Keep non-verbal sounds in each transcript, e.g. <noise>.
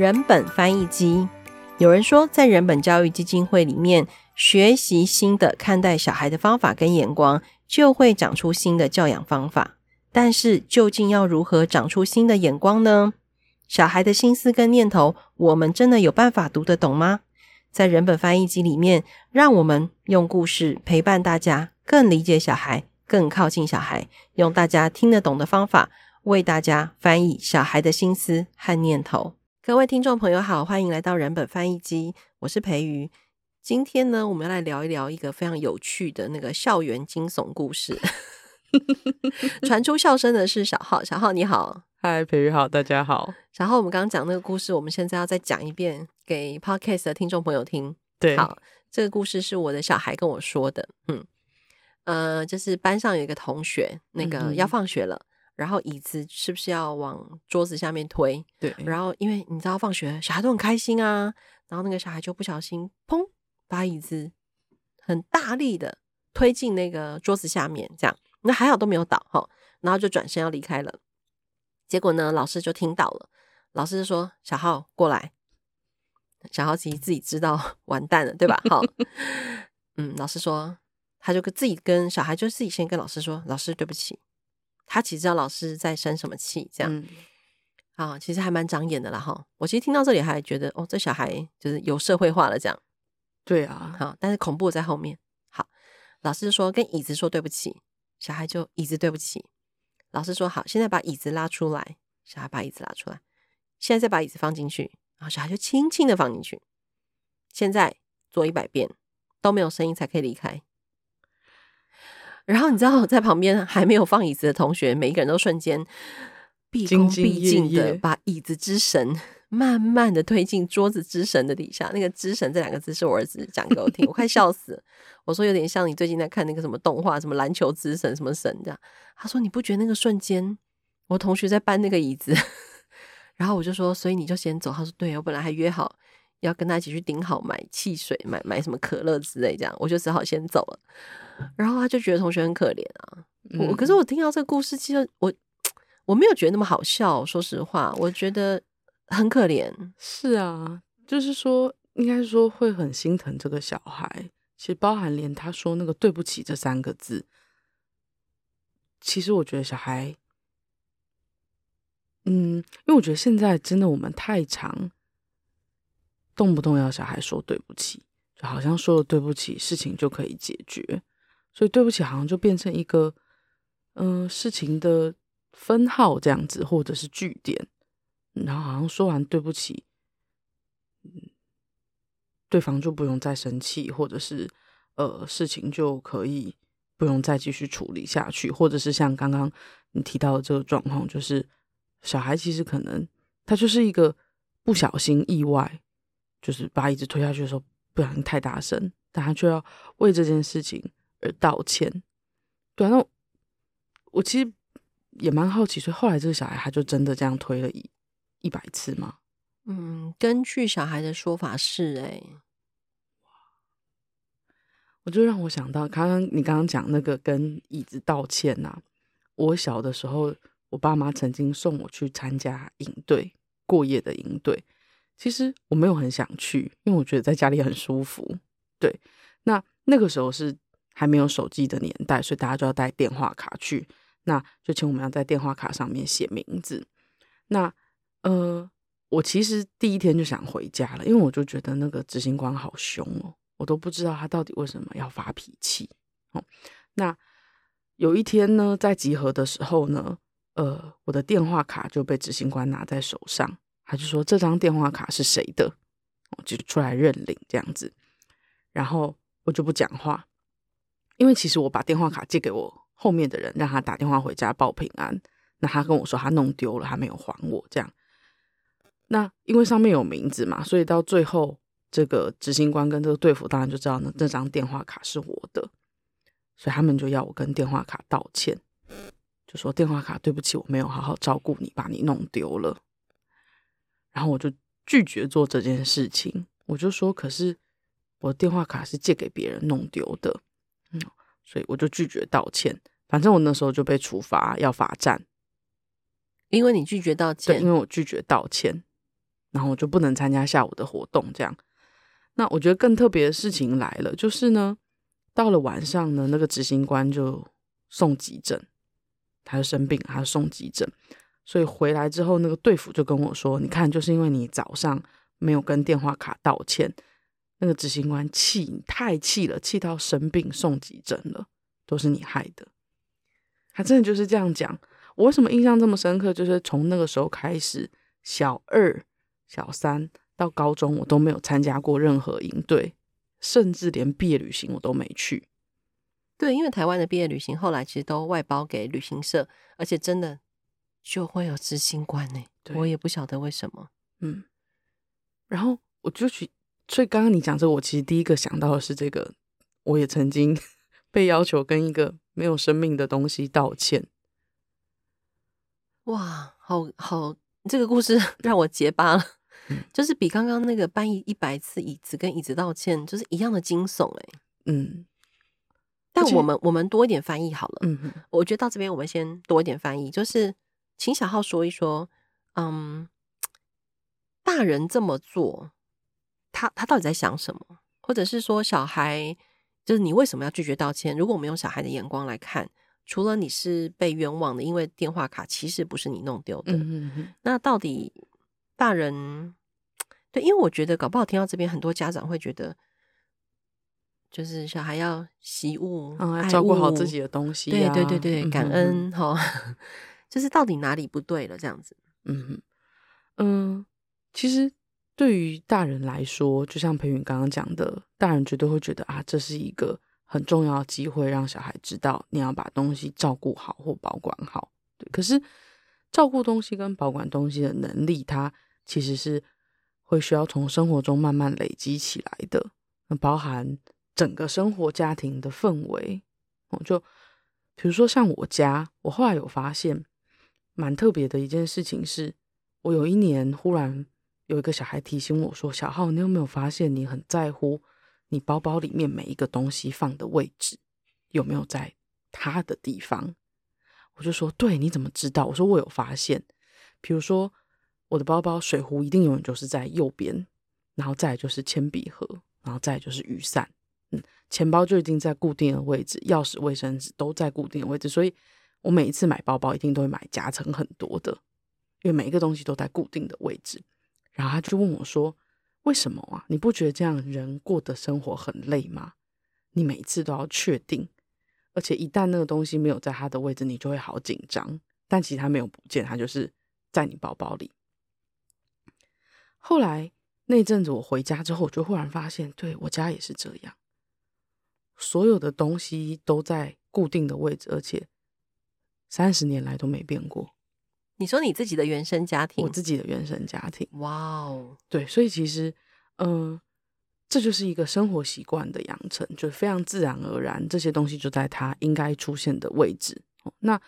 人本翻譯機，有人說，在人本教育基金會裡面學習新的看待小孩的方法跟眼光，就會長出新的教養方法。但是，究竟要如何長出新的眼光呢？小孩的心思跟念頭，我們真的有辦法讀得懂嗎？在人本翻譯機裡面，讓我們用故事陪伴大家，更理解小孩，更靠近小孩，用大家聽得懂的方法，為大家翻譯小孩的心思和念頭。各位聽眾朋友好，歡迎來到人本翻譯機，我是培瑜。今天呢，我們要來聊一聊一個非常有趣的那個校園驚悚故事。 <laughs> 傳出笑聲的是小浩，小浩你好，嗨，培瑜好，大家好。然後我們剛剛講那個故事，我們現在要再講一遍給 Podcast 的聽眾朋友聽。對，好，這個故事是我的小孩跟我說的，嗯，呃，就是班上有一個同學，那個要放學了。嗯嗯然後椅子是不是要往桌子下面推？對。然後因為你知道放學小孩都很開心啊，然後那個小孩就不小心，砰，把椅子很大力的推進那個桌子下面，這樣那還好都沒有倒哈。然後就轉身要離開了，結果呢，老師就聽到了，老師就說：“小浩過來。”小浩其實自己知道完蛋了，對吧？好， <laughs> 嗯，老師說他就自己跟小孩就自己先跟老師說：“老師對不起。”他其實知道老師在生什麼氣，這樣啊、嗯哦，其實還蠻長眼的啦哈。我其實聽到這裡還覺得，哦，這小孩就是有社會化了這樣。對啊，好、嗯，但是恐怖在後面。好，老師說跟椅子說對不起，小孩就椅子對不起。老師說好，現在把椅子拉出來，小孩把椅子拉出來。現在再把椅子放進去，然後小孩就輕輕的放進去。現在做一百遍都沒有聲音才可以離開。然後你知道，我在旁邊還沒有放椅子的同學，每一個人都瞬間畢恭畢敬的把椅子之神慢慢的推進桌子之神的底下。那個“之神”這兩個字是我兒子講給我聽，我快笑死。 <laughs> 我說有點像你最近在看那個什麼動畫，什麼籃球之神什麼神這樣。他說你不覺得那個瞬間，我同學在搬那個椅子，然後我就說，所以你就先走。他說對，我本來還約好。要跟他一起去頂好買汽水，買買什麼可樂之類，這樣我就只好先走了。然後他就覺得同學很可憐啊。我、嗯、可是我聽到這個故事，其實我我沒有覺得那麼好笑。說實話，我覺得很可憐。是啊，就是說，應該說會很心疼這個小孩。其實包含連他說那個對不起這三個字，其實我覺得小孩，嗯，因為我覺得現在真的我們太長。動不動要小孩說對不起，就好像說了對不起，事情就可以解決，所以對不起好像就變成一個，嗯、呃，事情的分號這樣子，或者是句點，然後好像說完對不起，對方就不用再生氣，或者是呃，事情就可以不用再繼續處理下去，或者是像剛剛你提到的這個狀況，就是小孩其實可能他就是一個不小心意外。就是把椅子推下去的時候，不小心太大聲，但他卻要為這件事情而道歉。對啊，那我，我其實也蠻好奇，所以後來這個小孩他就真的這樣推了一一百次嗎？嗯，根據小孩的說法是、欸，哎，我就讓我想到剛剛你剛剛講那個跟椅子道歉吶、啊。我小的時候，我爸媽曾經送我去參加營隊，過夜的營隊。其實我沒有很想去，因為我覺得在家裡很舒服。對，那那個時候是還沒有手機的年代，所以大家就要帶電話卡去。那就請我們要在電話卡上面寫名字。那呃，我其實第一天就想回家了，因為我就覺得那個執行官好兇哦，我都不知道他到底為什麼要發脾氣。哦，那有一天呢，在集合的時候呢，呃，我的電話卡就被執行官拿在手上。他就說：“這張電話卡是誰的？”我就出來認領這樣子，然後我就不講話，因為其實我把電話卡借給我後面的人，讓他打電話回家報平安。那他跟我說他弄丟了，他沒有還我這樣。那因為上面有名字嘛，所以到最後這個執行官跟這個隊輔當然就知道呢，這張電話卡是我的，所以他們就要我跟電話卡道歉，就說，電話卡對不起，我沒有好好照顧你，把你弄丟了。然後我就拒絕做這件事情，我就說：“可是我的電話卡是借給別人弄丟的，嗯，所以我就拒絕道歉。反正我那時候就被處罰，要罰站，因為你拒絕道歉。對，因為我拒絕道歉，然後我就不能參加下午的活動。這樣，那我覺得更特別的事情來了，就是呢，到了晚上呢，那個執行官就送急診，他就生病，他就送急診。”所以回來之後，那個隊輔就跟我說：“你看，就是因為你早上沒有跟電話卡道歉，那個執行官氣你太氣了，氣到生病送急診了，都是你害的。”他真的就是這樣講。我為什麼印象這麼深刻？就是從那個時候開始，小二、小三到高中，我都沒有參加過任何營隊，甚至連畢業旅行我都沒去。對，因為台灣的畢業旅行後來其實都外包給旅行社，而且真的。就會有執行官呢，對我也不曉得為什麼。嗯，然後我就去，所以剛剛你講這個，我其實第一個想到的是這個，我也曾經被要求跟一個沒有生命的東西道歉。哇，好好，好，這個故事讓我結巴了，嗯、就是比剛剛那個搬一一百次椅子跟椅子道歉，就是一樣的驚悚誒，嗯，但我們且我們多一點翻譯好了。嗯哼，我覺得到這邊我們先多一點翻譯，就是。請小浩說一說，嗯，大人這麼做，他他到底在想什麼？或者是說，小孩就是你為什麼要拒絕道歉？如果我們用小孩的眼光來看，除了你是被冤枉的，因為電話卡其實不是你弄丟的，嗯、哼哼那到底大人對？因為我覺得搞不好聽到這邊，很多家長會覺得，就是小孩要惜物、嗯，愛物啊，照顧好自己的東西啊，對對對對，嗯、哼感恩齁。就是到底哪裡不對了？這樣子，嗯哼嗯，其實對於大人來說，就像培雲剛剛講的，大人絕對會覺得啊，這是一個很重要的機會，讓小孩知道你要把東西照顧好或保管好。對，可是照顧東西跟保管東西的能力，它其實是會需要從生活中慢慢累積起來的，包含整個生活家庭的氛圍。哦、嗯，就比如說像我家，我後來有發現。蠻特別的一件事情是，我有一年忽然有一個小孩提醒我說：“小浩，你有沒有發現你很在乎你包包裡面每一個東西放的位置有沒有在他的地方？”我就說：“對，你怎麼知道？”我說：“我有發現，比如說我的包包，水壺一定永遠就是在右邊，然後再就是鉛筆盒，然後再就是雨傘，嗯，錢包就一定在固定的位置，鑰匙、衛生紙都在固定的位置，所以。”我每一次買包包，一定都會買夾層很多的，因為每一個東西都在固定的位置。然後他就問我說：“為什麼啊？你不覺得這樣人過的生活很累嗎？你每一次都要確定，而且一旦那個東西沒有在他的位置，你就會好緊張。但其實他沒有不見，他就是在你包包裡。後來那陣子我回家之後，我就忽然發現，對，我家也是這樣，所有的東西都在固定的位置，而且……三十年來都沒變過。你說你自己的原生家庭，我自己的原生家庭，哇哦，對，所以其實，嗯，這就是一個生活習慣的養成，就非常自然而然，這些東西就在他應該出現的位置。哦，那，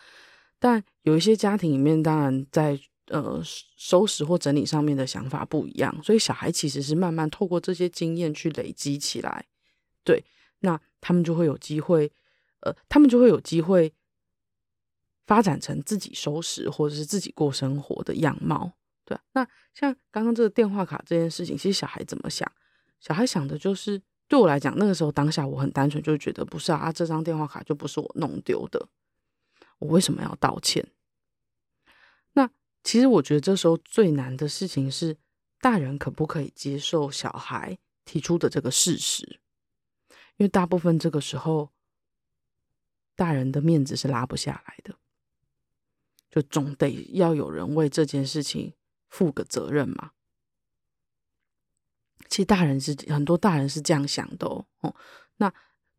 但有一些家庭裡面，當然在呃收拾或整理上面的想法不一樣，所以小孩其實是慢慢透過這些經驗去累積起來。對，那他們就會有機會，呃，他們就會有機會。發展成自己收拾或者是自己過生活的樣貌，對啊，那像剛剛這個電話卡這件事情，其實小孩怎麼想？小孩想的就是，對我來講，那個時候當下我很單純，就是覺得不是啊，啊，這張電話卡就不是我弄丟的，我為什麼要道歉？那其實我覺得這時候最難的事情是，大人可不可以接受小孩提出的這個事實？因為大部分這個時候，大人的面子是拉不下來的。就總得要有人為這件事情負個責任嘛。其實大人是很多大人是這樣想的哦。哦那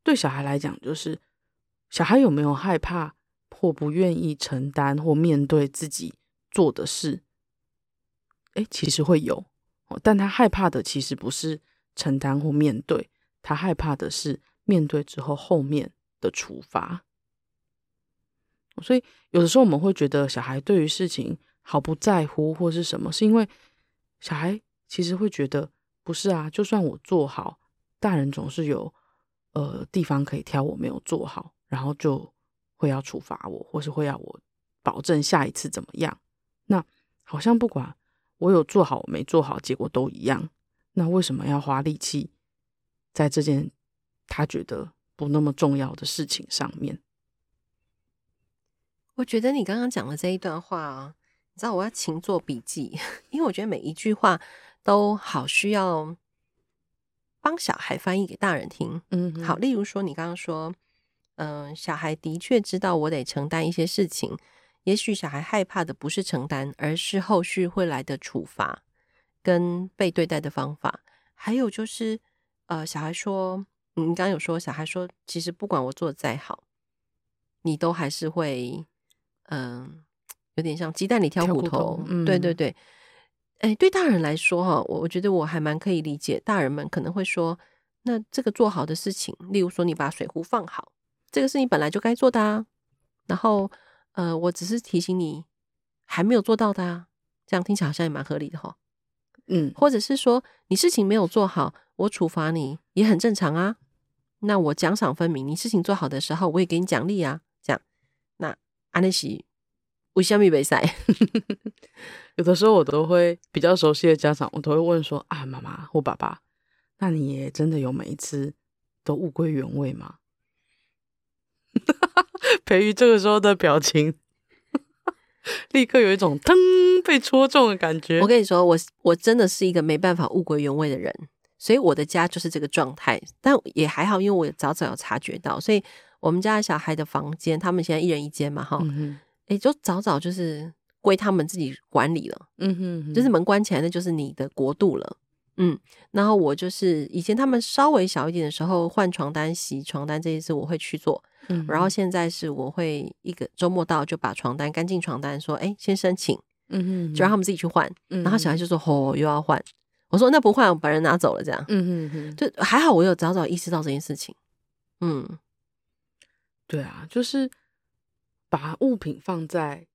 對小孩來講，就是小孩有沒有害怕或不願意承擔或面對自己做的事？誒，其實會有，哦。但他害怕的其實不是承擔或面對，他害怕的是面對之後後面的處罰。所以，有的時候我們會覺得小孩對於事情毫不在乎或是什麼，是因為小孩其實會覺得不是啊，就算我做好，大人總是有呃地方可以挑我沒有做好，然後就會要處罰我，或是會要我保證下一次怎麼樣。那好像不管我有做好我沒做好，結果都一樣。那為什麼要花力氣在這件他覺得不那麼重要的事情上面？我覺得你剛剛講的這一段話，你知道我要勤做筆記，因為我覺得每一句話都好需要幫小孩翻譯給大人聽。嗯哼，好，例如說你剛剛說，嗯、呃，小孩的確知道我得承擔一些事情，也許小孩害怕的不是承擔，而是後續會來的處罰跟被對待的方法。還有就是，呃，小孩說，你剛剛有說，小孩說，其實不管我做得再好，你都還是會。嗯、呃，有點像雞蛋裡挑骨頭，骨頭對對對。哎、嗯，對大人來說哈、哦，我我覺得我還蠻可以理解。大人們可能會說，那這個做好的事情，例如說你把水壺放好，這個是你本來就該做的啊。然後，呃，我只是提醒你還沒有做到的啊。這樣聽起來好像也蠻合理的哈、哦。嗯，或者是說你事情沒有做好，我處罰你也很正常啊。那我獎賞分明，你事情做好的時候，我也給你獎勵啊。啊，安呢係為啥米袂使？有的時候我都會比較熟悉的家長，我都會問說：“啊，媽媽或爸爸，那你也真的有每一次都物歸原位嗎？” <laughs> 培育這個時候的表情， <laughs> 立刻有一種“噔”被戳中的感覺。我跟你說，我我真的是一個沒辦法物歸原位的人，所以我的家就是這個狀態。但也還好，因為我也早早有察覺到，所以。我們家小孩的房間，他們現在一人一間嘛，哈、嗯哼，哎，就早早就是歸他們自己管理了，嗯哼，哼，就是門關起來，那就是你的國度了，嗯，然後我就是以前他們稍微小一點的時候，換床單、洗床單這件事，我會去做，嗯、哼然後現在是我會一個周末到就把床單乾淨床單說，哎，先申請，嗯哼，哼，就讓他們自己去換，嗯、哼哼然後小孩就說，吼、哦，又要換，我說那不換，我把人拿走了這樣，嗯哼哼，就還好我有早早意識到這件事情，嗯。對啊，就是把物品放在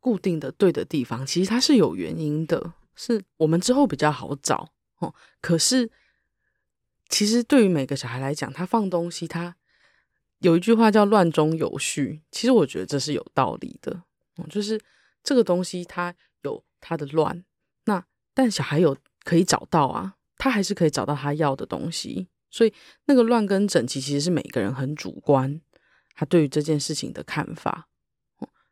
固定的對的地方，其實它是有原因的，是我們之後比較好找哦。可是，其實對於每個小孩來講，他放東西，他有一句話叫“亂中有序”，其實我覺得這是有道理的哦。就是這個東西它有它的亂，那但小孩有可以找到啊，他還是可以找到他要的東西。所以那個亂跟整齊其實是每個人很主觀。他對於這件事情的看法，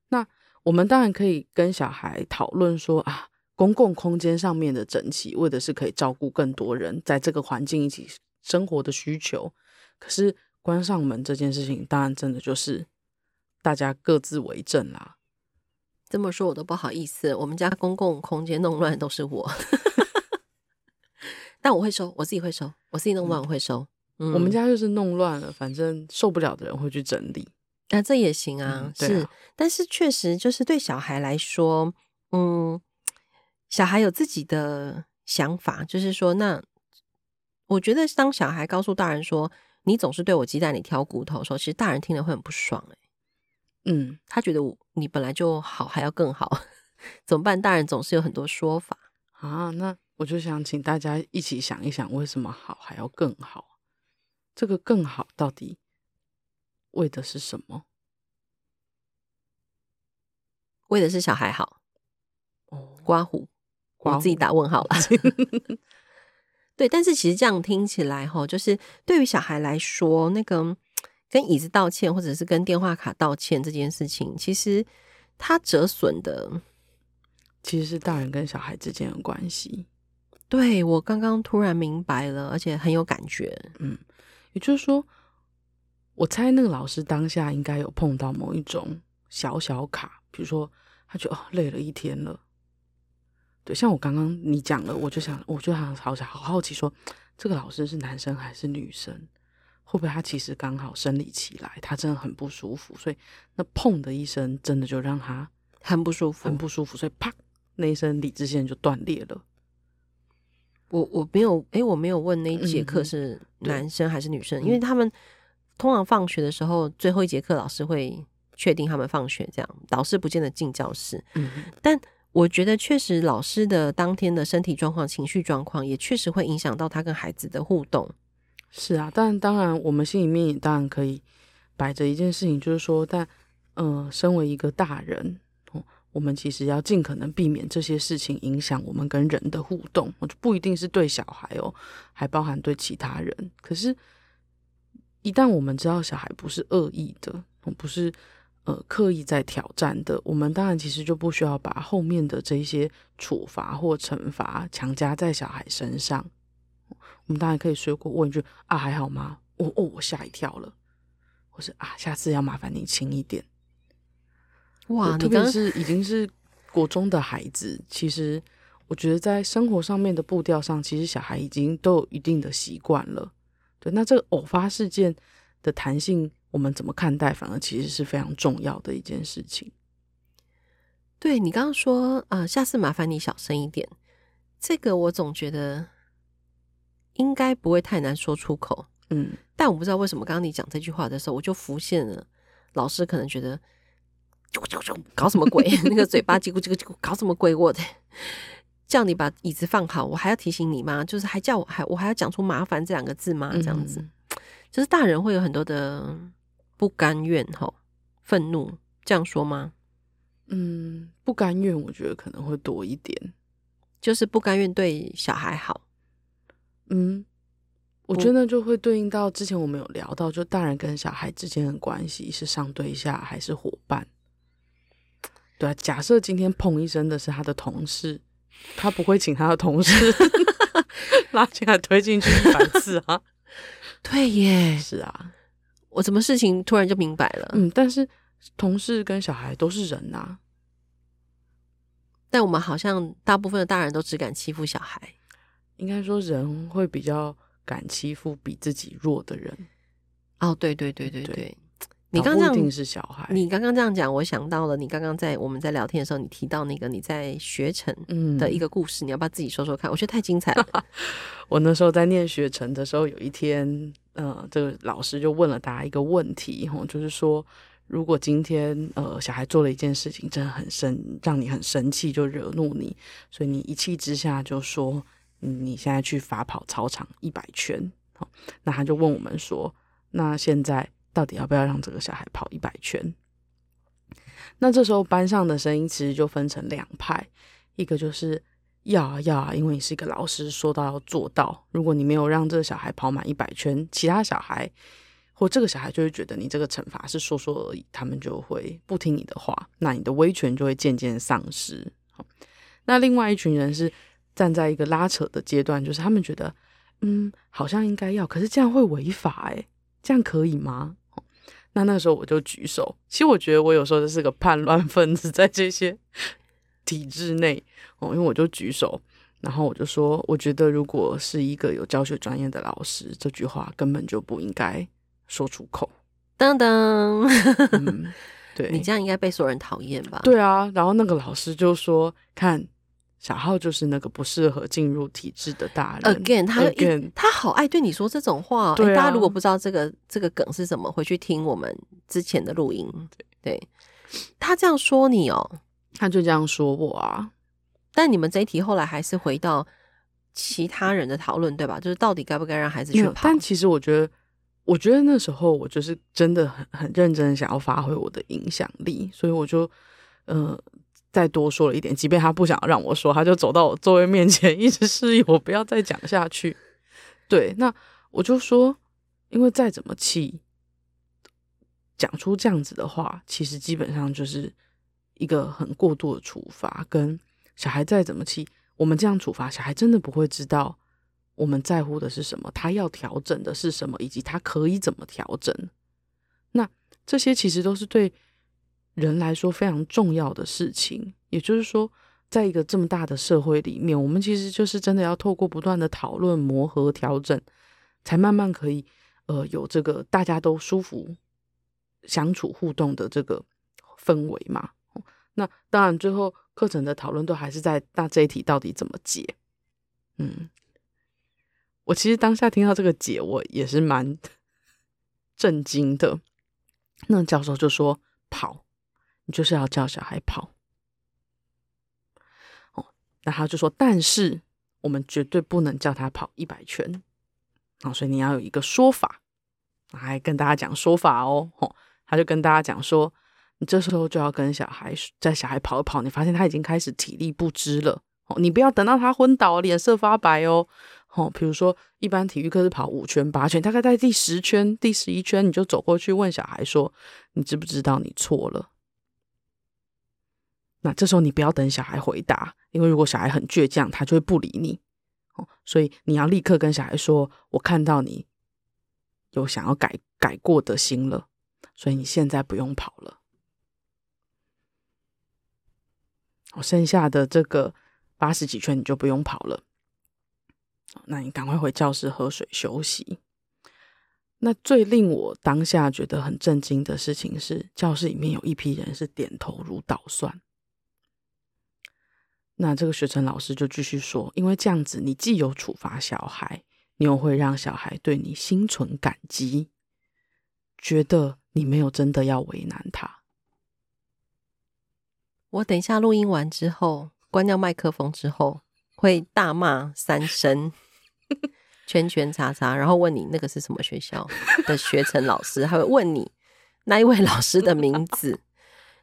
那我們當然可以跟小孩討論說啊，公共空間上面的整齊，為的是可以照顧更多人在這個環境一起生活的需求。可是關上門這件事情，當然真的就是大家各自為政啦。這麼說我都不好意思，我們家公共空間弄亂都是我， <laughs> 但我會收，我自己會收，我自己弄亂我會收。嗯嗯、我們家就是弄亂了，反正受不了的人會去整理。那、啊、這也行啊，嗯、啊是，但是確實就是對小孩來說，嗯，小孩有自己的想法，就是說，那我覺得當小孩告訴大人說“你總是對我雞蛋裡挑骨頭的時候”，說其實大人聽了會很不爽，誒。嗯，他覺得我你本來就好，還要更好， <laughs> 怎麼辦？大人總是有很多說法啊。那我就想請大家一起想一想，為什麼好還要更好？這個更好，到底為的是什麼？為的是小孩好。哦，括弧，你自己打問號吧。 <laughs> <laughs> 對，但是其實這樣聽起來，哦，就是對於小孩來說，那個跟椅子道歉，或者是跟電話卡道歉這件事情，其實它折損的其實是大人跟小孩之間的關係。對，我剛剛突然明白了，而且很有感覺。嗯。也就是說，我猜那個老師當下應該有碰到某一種小小卡，比如說他就，他覺得哦累了一天了。對，像我剛剛你講了，我就想，我就想好想，好好奇說，說這個老師是男生還是女生？會不會他其實剛好生理期來，他真的很不舒服，所以那砰的一聲，真的就讓他很不舒服，很不舒服，很不舒服，所以啪那一聲，理智線就斷裂了。我我沒有哎、欸，我沒有問那一節課是男生還是女生，嗯、因為他們通常放學的時候最後一節課，老師會確定他們放學，這樣老師不見得進教室。嗯哼，但我覺得確實老師的當天的身體狀況、情緒狀況也確實會影響到他跟孩子的互動。是啊，但當然我們心裡面也當然可以擺着一件事情，就是說，但嗯、呃，身為一個大人。我們其實要盡可能避免這些事情影響我們跟人的互動，我就不一定是對小孩哦，還包含對其他人。可是，一旦我們知道小孩不是惡意的，不是呃刻意在挑戰的，我們當然其實就不需要把後面的這些處罰或懲罰強加在小孩身上。我們當然可以隨口問句啊，還好嗎？哦哦，我嚇一跳了。或是啊，下次要麻煩你輕一點。哇，特別是剛剛已經是國中的孩子，其實我覺得在生活上面的步調上，其實小孩已經都有一定的習慣了。對，那這個偶發事件的彈性，我們怎麼看待？反而其實是非常重要的一件事情。對，你剛剛說啊、呃，下次麻煩你小聲一點。這個我總覺得應該不會太難說出口。嗯，但我不知道為什麼，剛剛你講這句話的時候，我就浮現了老師可能覺得。就就就搞什麼鬼？ <laughs> 那個嘴巴嘰咕嘰咕嘰咕，搞什麼鬼？我的叫你把椅子放好，我還要提醒你嗎？就是還叫我還我還要講出麻煩這兩個字嗎？這樣子，嗯、就是大人會有很多的不甘願吼，憤怒這樣說嗎？嗯，不甘願，我覺得可能會多一點，就是不甘願對小孩好。嗯，我覺得就會對應到之前我們有聊到，就大人跟小孩之間的關係是上對下還是伙伴？對啊，假設今天砰一聲的是他的同事，他不會請他的同事 <laughs> <laughs> 拉起來推進去一百次啊？對耶，是啊，我什麼事情突然就明白了。嗯，但是同事跟小孩都是人吶、啊，但我們好像大部分的大人都只敢欺負小孩，應該說人會比較敢欺負比自己弱的人。哦，對對對對對。對。你剛剛一定是小孩。你剛剛這樣講，我想到了你剛剛在我們在聊天的時候，你提到那個你在學程的一個故事，嗯、你要不要自己說說看？我覺得太精彩了。 <laughs> 我那時候在念學程的時候，有一天，呃，這個老師就問了大家一個問題，哦、就是說，如果今天呃小孩做了一件事情，真的很生，讓你很生氣，就惹怒你，所以你一氣之下就說、嗯、你現在去罰跑操場一百圈。哦，那他就問我們說，那現在。到底要不要讓這個小孩跑一百圈？那這時候班上的聲音其實就分成兩派，一個就是要啊要啊，因為你是一個老師，說到要做到。如果你沒有讓這個小孩跑滿一百圈，其他小孩或這個小孩就會覺得你這個懲罰是說說而已，他們就會不聽你的話，那你的威權就會漸漸喪失。好，那另外一群人是站在一個拉扯的階段，就是他們覺得，嗯，好像應該要，可是這樣會違法，誒，這樣可以嗎？那那時候我就舉手，其實我覺得我有時候就是個叛亂分子在這些體制內哦、嗯，因為我就舉手，然後我就說，我覺得如果是一個有教學專業的老師，這句話根本就不應該說出口。噔噔， <laughs> 嗯、對。你這樣應該被所有人討厭吧？對啊，然後那個老師就說：“看。”小號就是那個不適合進入體制的大人。Again，他又，Again，他好愛對你說這種話、哦。對、啊欸，大家如果不知道這個這個梗是什麼，回去聽我們之前的錄音。對，他這樣說你哦，他就這樣說我啊。但你們這一題後來還是回到其他人的討論，對吧？就是到底該不該讓孩子去跑？但其實我覺得，我覺得那時候我就是真的很很認真的想要發揮我的影響力，所以我就呃。再多說了一點，即便他不想讓我說，他就走到我座位面前，一直示意我不要再講下去。 <laughs> 對，那我就說，因為再怎麼氣，講出這樣子的話，其實基本上就是一個很過度的處罰，跟小孩再怎麼氣，我們這樣處罰，小孩真的不會知道我們在乎的是什麼，他要調整的是什麼，以及他可以怎麼調整。那這些其實都是對。人來說非常重要的事情，也就是說，在一個這麼大的社會裡面，我們其實就是真的要透過不斷的討論、磨合、調整，才慢慢可以呃有這個大家都舒服相處互動的這個氛圍嘛。那當然，最後課程的討論都還是在那這一題到底怎麼解？嗯，我其實當下聽到這個解，我也是蠻震驚的。那教授就說，跑。就是要叫小孩跑哦，那他就說：“但是我們絕對不能叫他跑一百圈。”哦，所以你要有一個說法來跟大家講說法哦。吼、哦，他就跟大家講說：“你這時候就要跟小孩在小孩跑一跑，你發現他已經開始體力不支了哦。你不要等到他昏倒、臉色發白哦。哦，比如說一般體育課是跑五圈、八圈，大概在第十圈、第十一圈，你就走過去問小孩說：‘你知不知道你錯了？’”那這時候你不要等小孩回答，因為如果小孩很倔強，他就會不理你。哦，所以你要立刻跟小孩說：“我看到你有想要改改過的心了，所以你現在不用跑了。”我剩下的這個八十幾圈你就不用跑了，那你趕快回教室喝水休息。那最令我當下覺得很震驚的事情是，教室裡面有一批人是點頭如搗蒜。那這個學成老師就繼續說，因為這樣子，你既有處罰小孩，你又會讓小孩對你心存感激，覺得你沒有真的要為難他。我等一下錄音完之後，關掉麥克風之後，會大罵三聲， <laughs> 圈圈叉叉，然後問你那個是什麼學校的學成老師，還會問你那一位老師的名字。 <laughs>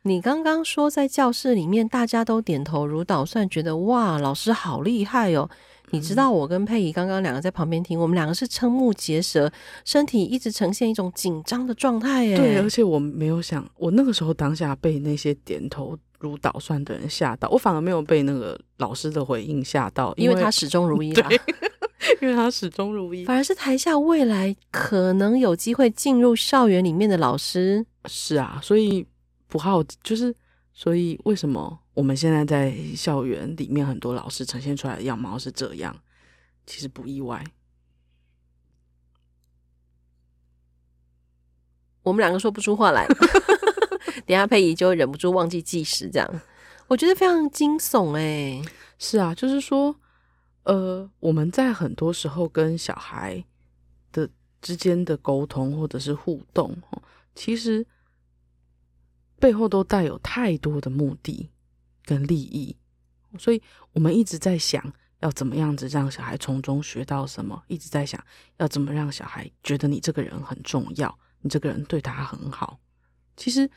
你剛剛說在教室裡面大家都點頭如搗蒜，覺得哇，老師好厲害哦！嗯，你知道我跟佩儀剛剛兩個在旁邊聽，我們兩個是瞠目結舌，身體一直呈現一種緊張的狀態耶。對，而且我沒有想，我那個時候當下被那些點頭如搗蒜的人嚇到，我反而沒有被那個老師的回應嚇到，因為，因為他始終如一啦，因為他始終如一，反而是台下未來可能有機會進入校園裡面的老師。是啊，所以。不好，就是所以為什麼我們現在在校園裡面很多老師呈現出來的樣貌是這樣？其實不意外。我們兩個說不出話來， <laughs> <laughs> 等下佩儀就忍不住忘記計時，這樣我覺得非常驚悚哎、欸。是啊，就是說，呃，我們在很多時候跟小孩的之間的溝通或者是互動，其實。背後都帶有太多的目的跟利益，所以我們一直在想要怎麼樣子讓小孩從中學到什麼，一直在想要怎麼讓小孩覺得你這個人很重要，你這個人對他很好。其實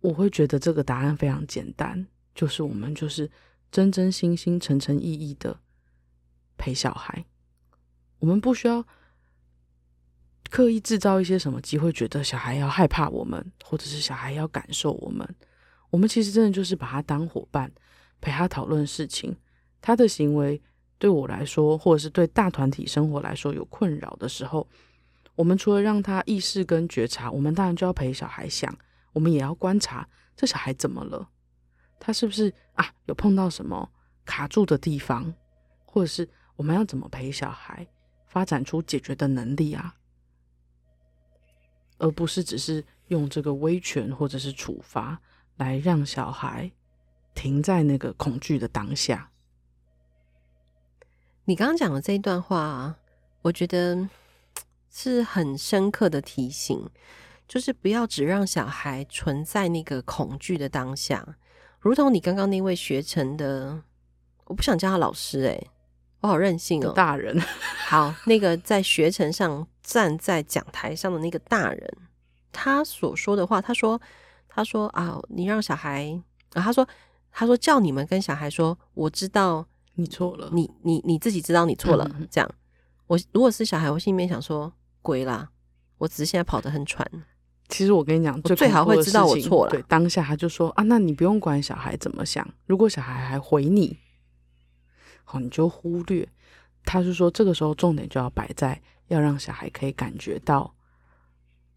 我會覺得這個答案非常簡單，就是我們就是真真心心、誠誠意意的陪小孩，我們不需要。刻意製造一些什麼機會，覺得小孩要害怕我們，或者是小孩要感受我們。我們其實真的就是把他當夥伴，陪他討論事情。他的行為對我來說，或者是對大團體生活來說有困擾的時候，我們除了讓他意識跟覺察，我們當然就要陪小孩想，我們也要觀察這小孩怎麼了，他是不是啊有碰到什麼卡住的地方，或者是我們要怎麼陪小孩發展出解決的能力啊？而不是只是用這個威權或者是處罰來讓小孩停在那個恐懼的當下。你剛剛講的這一段話啊，我覺得是很深刻的提醒，就是不要只讓小孩存在那個恐懼的當下。如同你剛剛那位學成的，我不想叫他老師欸，誒，我好任性哦喔，大人。好，那個在學成上。站在講臺上的那個大人，他所說的話，他說：“他說啊，你讓小孩啊，他說，他說叫你們跟小孩說，我知道你錯了，你你你自己知道你錯了。嗯”這樣，我如果是小孩，我心裡面想說：“鬼啦，我只是現在跑得很喘。”其實我跟你講，最，最好會知道我錯了。對，當下他就說：“啊，那你不用管小孩怎麼想，如果小孩還回你，好，你就忽略。”他就說，這個時候重點就要擺在，要讓小孩可以感覺到，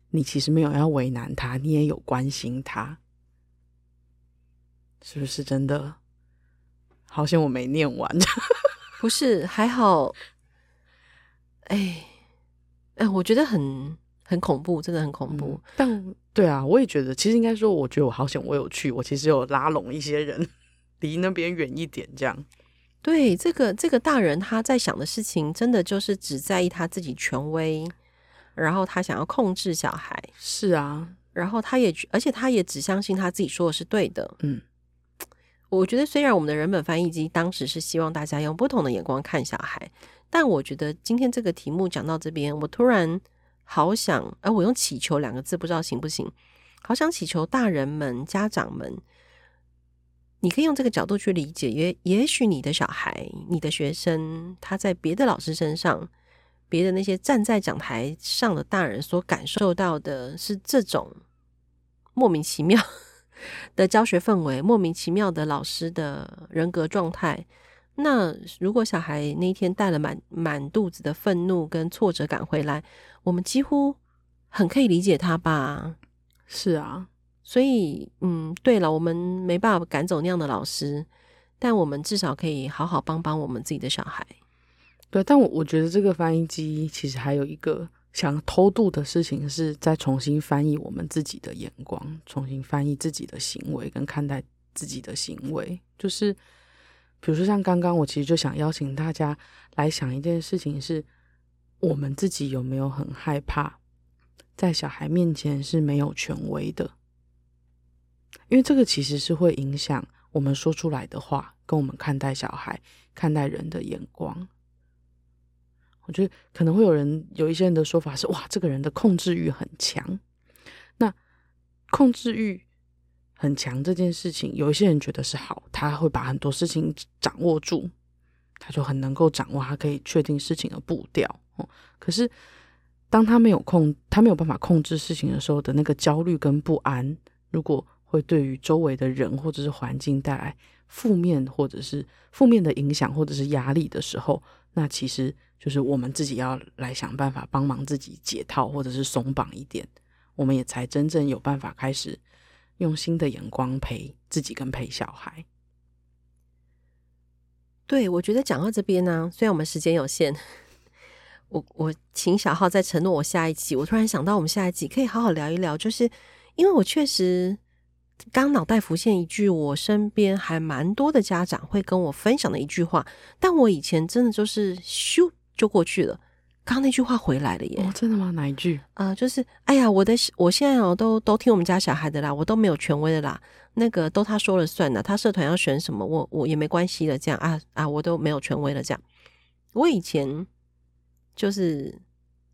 你其實沒有要為難他，你也有關心他，是不是真的？好像我沒念完， <laughs> 不是，還好。哎、欸、哎、欸，我覺得很很恐怖，真的很恐怖。嗯、但對啊，我也覺得，其實應該說，我覺得我好險，我有去，我其實有拉攏一些人，離那邊遠一點，這樣。對，這個這個大人，他在想的事情，真的就是只在意他自己權威，然後他想要控制小孩。是啊，然後他也，而且他也只相信他自己說的是對的。嗯，我覺得雖然我們的人本翻譯機當時是希望大家用不同的眼光看小孩，但我覺得今天這個題目講到這邊，我突然好想，哎、呃，我用祈求兩個字，不知道行不行？好想祈求大人們、家長們。你可以用這個角度去理解，也也許你的小孩、你的學生，他在別的老師身上、別的那些站在講台上的大人所感受到的是這種莫名其妙的教學氛圍、莫名其妙的老師的人格狀態。那如果小孩那一天帶了滿滿肚子的憤怒跟挫折感回來，我們幾乎很可以理解他吧？是啊。所以，嗯，對了，我們沒辦法趕走那樣的老師，但我們至少可以好好幫幫我們自己的小孩。對，但我我覺得這個翻譯機其實還有一個想偷渡的事情，是在重新翻譯我們自己的眼光，重新翻譯自己的行為跟看待自己的行為。就是，比如說像剛剛我其實就想邀請大家來想一件事情：是，我們自己有沒有很害怕，在小孩面前是沒有權威的？因為這個其實是會影響我們說出來的話，跟我們看待小孩、看待人的眼光。我覺得可能會有人有一些人的說法是：哇，這個人的控制欲很強。那控制欲很強這件事情，有一些人覺得是好，他會把很多事情掌握住，他就很能夠掌握，他可以確定事情的步調。哦，可是當他沒有控，他沒有辦法控制事情的時候的那個焦慮跟不安，如果。會對於周圍的人或者是環境帶來負面或者是負面的影響或者是壓力的時候，那其實就是我們自己要來想辦法幫忙自己解套或者是鬆綁一點，我們也才真正有辦法開始用新的眼光陪自己跟陪小孩。對，我覺得講到這邊呢、啊，雖然我們時間有限，我我請小浩再承諾我下一集，我突然想到我們下一集可以好好聊一聊，就是因為我確實。剛腦袋浮現一句，我身邊還蠻多的家長會跟我分享的一句話，但我以前真的就是咻就過去了。剛剛那句話回來了耶！哦，真的嗎？哪一句？啊、呃，就是哎呀，我的，我現在哦都都聽我們家小孩的啦，我都沒有權威的啦，那個都他說了算的，他社團要選什麼，我我也沒關係的。這樣啊啊，我都沒有權威了，這樣。我以前就是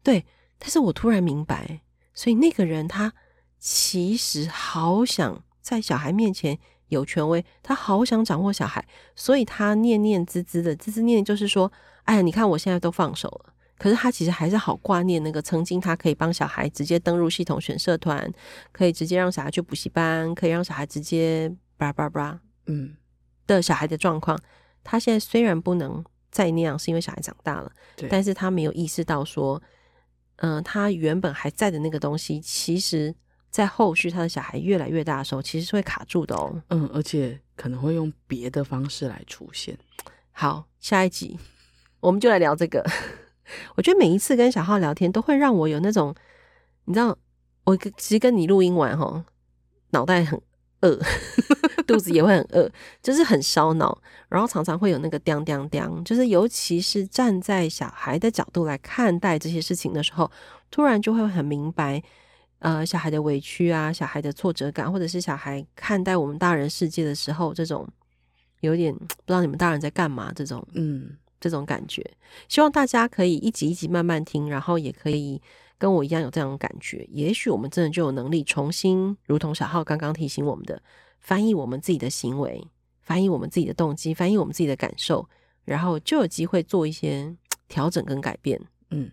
對，但是我突然明白，所以那個人他其實好想，在小孩面前有權威，他好想掌握小孩，所以他念念滋滋的，滋滋念就是說，哎呀，你看我現在都放手了，可是他其實還是好掛念那個曾經他可以幫小孩直接登入系統選社團，可以直接讓小孩去補習班，可以讓小孩直接叭叭叭，嗯，的小孩的狀況，他現在雖然不能再那樣，是因為小孩長大了，對但是他沒有意識到說，嗯、呃，他原本還在的那個東西其實。在後續他的小孩越來越大的時候，其實是會卡住的哦。嗯，而且可能會用別的方式來出現。好，下一集我們就來聊這個。 <laughs> 我覺得每一次跟小浩聊天，都會讓我有那種，你知道，我其實跟你錄音完齁，腦袋很餓，肚子也會很餓， <laughs> 就是很燒腦。然後常常會有那個“叮叮叮”，就是尤其是站在小孩的角度來看待這些事情的時候，突然就會很明白。呃，小孩的委屈啊，小孩的挫折感，或者是小孩看待我們大人世界的時候，這種有點不知道你們大人在幹嘛這種，嗯，這種感覺，希望大家可以一集一集慢慢聽，然後也可以跟我一樣有這種感覺。也許我們真的就有能力重新，如同小浩剛剛提醒我們的，翻譯我們自己的行為，翻譯我們自己的動機，翻譯我們自己的感受，然後就有機會做一些調整跟改變，嗯。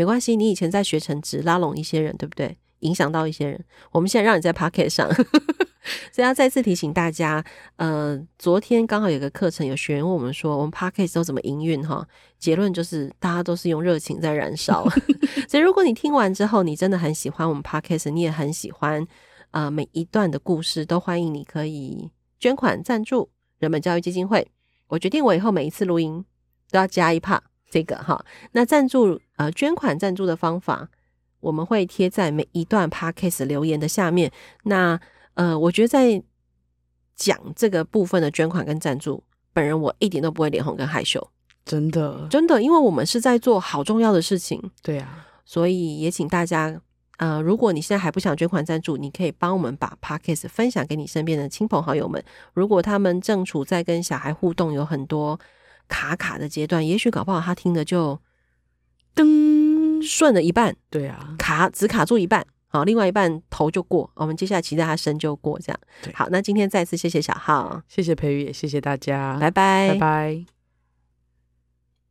沒關係，你以前在學成只拉攏一些人，對不對？影響到一些人。我們現在讓你在 Podcast 上， <laughs> 所以要再次提醒大家，呃，昨天剛好有個課程有學員問我們說，我們 Podcast 都怎麼營運？哈，結論就是大家都是用熱情在燃燒。 <laughs> 所以如果你聽完之後，你真的很喜歡我們 Podcast，你也很喜歡，呃，每一段的故事，都歡迎你可以捐款贊助人本教育基金會。我決定，我以後每一次錄音都要加一 part 這個哈，那贊助。呃，捐款贊助的方法，我們會貼在每一段 podcast 留言的下面。那呃，我覺得在講這個部分的捐款跟贊助，本人我一點都不會臉紅跟害羞，真的真的，因為我們是在做好重要的事情。對啊，所以也請大家，呃，如果你現在還不想捐款贊助，你可以幫我們把 podcast 分享給你身邊的親朋好友們。如果他們正處在跟小孩互動有很多卡卡的階段，也許搞不好他聽的就。燈順了一半，對啊，卡只卡住一半，好，另外一半頭就過，我們接下來期待它身就過這樣。對好，那今天再次謝謝小浩，謝謝培宇，也謝謝大家，拜拜，拜拜。